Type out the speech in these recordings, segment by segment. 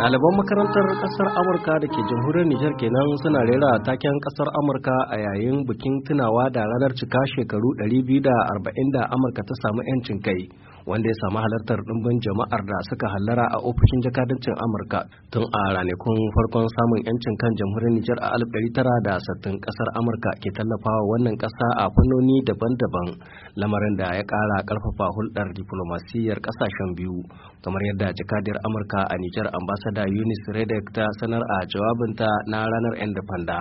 Ɗaliban makarantar ƙasar Amurka da ke jamhuriyar Nijar kenan suna rera taken ƙasar Amurka a yayin bikin tunawa da ranar cika shekaru 240 da Amurka ta samu 'yancin kai wanda ya samu halartar ɗumbin jama'ar da suka hallara a ofishin jakadancin amurka tun a ranakun farkon samun yancin kan jamhuriyar nijar a ɗari tara da 1960 ƙasar amurka ke tallafawa wannan ƙasa a fannoni daban-daban lamarin da ya ƙara ƙarfafa hulɗar diflomasiyyar ƙasashen biyu kamar yadda jakadiyar amurka a nijar ambasada yunis redek ta sanar a jawabinta na ranar 'yan dafanda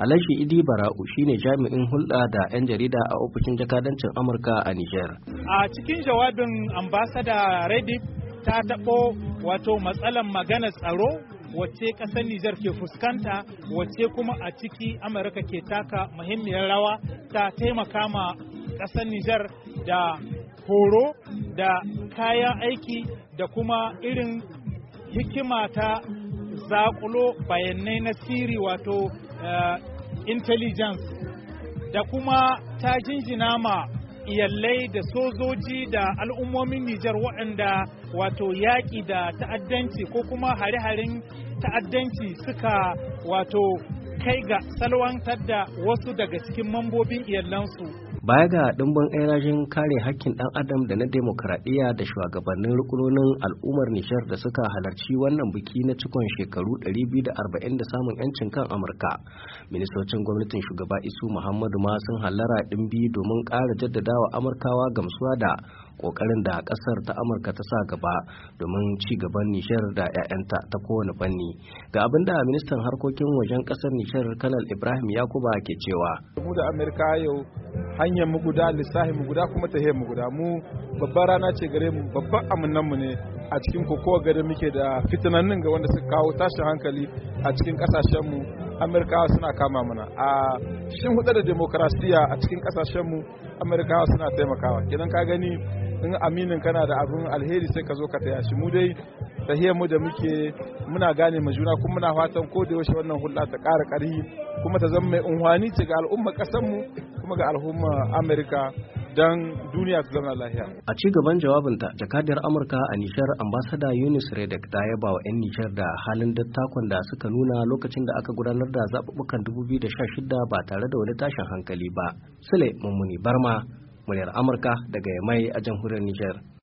alashi idi bara'u shine jami'in hulɗa da 'yan jarida a ofishin jakadancin amurka a nijar a cikin jawabin ambasada Redip ta taɓo wato matsalan magana tsaro wace ƙasar Nijar ke fuskanta wace kuma a ciki Amurka ke taka muhimmiyar rawa ta taimaka ma ƙasar Nijar da horo da kayan aiki da kuma irin hikima ta zakulo bayanai na siri wato uh, intelligence da kuma ta jinjina ma iyallai da sojoji da al'ummomin Nijar waɗanda wato yaƙi da ta'addanci ko kuma hare-haren ta'addanci suka wato kai ga salwantar da wasu daga cikin mambobin iyalansu baya ga ɗimbin ainihin kare hakkin ɗan adam da na demokradiyya da shugabannin rukunonin al'ummar nishar da suka halarci wannan biki na cikon shekaru 240 da samun yancin kan amurka ministocin gwamnatin shugaba isu muhammadu ma sun hallara ɗimbi domin ƙara jaddadawa amurkawa gamsuwa da ƙoƙarin da ƙasar ta amurka ta sa gaba domin ci gaban nishar da 'ya'yanta ta kowane fanni ga abin da ministan harkokin wajen ƙasar nishar kalal ibrahim yakuba ke cewa mu da amurka yau hanyar mu guda lissahi mu guda kuma ta mu guda mu babbar rana ce gare mu babban amunan mu ne a cikin kokowa gare muke da nan ga wanda suka kawo tashin hankali a cikin kasashen mu suna kama mana a shin hudu da demokrasiya a cikin kasashen mu amurkawa suna taimakawa kenan ka gani in aminin kana da abin alheri sai ka zo ka taya shi mu dai tahiyar mu da muke muna gane ma juna kuma muna fatan ko da yaushe wannan hulɗa ta ƙara ƙarfi kuma ta zama mai unhwani ce ga al'umma ƙasar mu kuma ga al'umma Amerika don duniya su zama lafiya. A ci gaban jawabinta, jakadiyar Amurka a Nishar ambasada Yunus Redek ta yaba wa 'yan Nishar da halin dattakon da suka nuna lokacin da aka gudanar da zaɓuɓɓukan 2016 ba tare da wani tashin hankali ba. Sule Mummuni Barma, muryar Amurka daga Yamai a jamhuriyar Nijar.